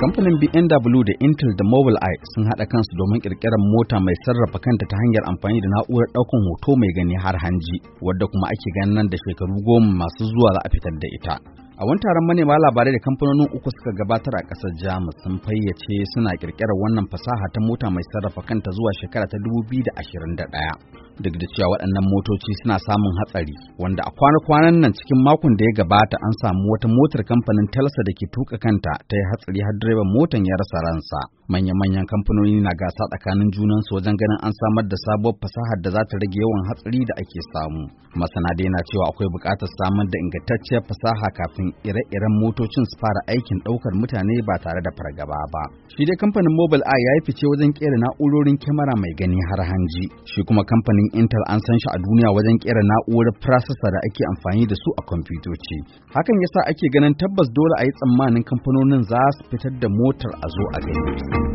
Kamfanin BMW da Intel da Mobileye sun haɗa kansu domin ƙirƙirar mota mai sarrafa kanta ta hanyar amfani da na'urar ɗaukan hoto mai gani har hanji, wadda kuma ake ganin nan da shekaru goma masu zuwa za a fitar da ita. A wani taron manema labarai da kamfanonin uku suka gabatar a ƙasar Jamus sun fayyace suna ƙirƙirar wannan fasaha ta mota mai sarrafa kanta zuwa shekara ta dubu biyu da da ashirin 2021. duk da cewa waɗannan motoci suna samun hatsari wanda a kwana-kwanan nan cikin makon da ya gabata an samu wata motar kamfanin talsa da ke tuka kanta ta yi hatsari har direban motan ya rasa ransa manya-manyan kamfanoni na gasa tsakanin junan su wajen ganin an samar da sabuwar fasaha da za ta rage yawan hatsari da ake samu masana dai na cewa akwai buƙatar samar da ingantacciyar fasaha kafin ire-iren motocin su fara aikin ɗaukar mutane ba tare da fargaba ba shi dai kamfanin mobile eye ya yi fice wajen ƙera na'urorin kyamara mai gani har hanji shi kuma kamfanin Intel an san shi a duniya wajen kera na'urar processor da ake amfani da su a kwamfutoci. Hakan yasa ake ganin tabbas dole a yi tsammanin kamfanonin za su fitar da motar a zo a gani.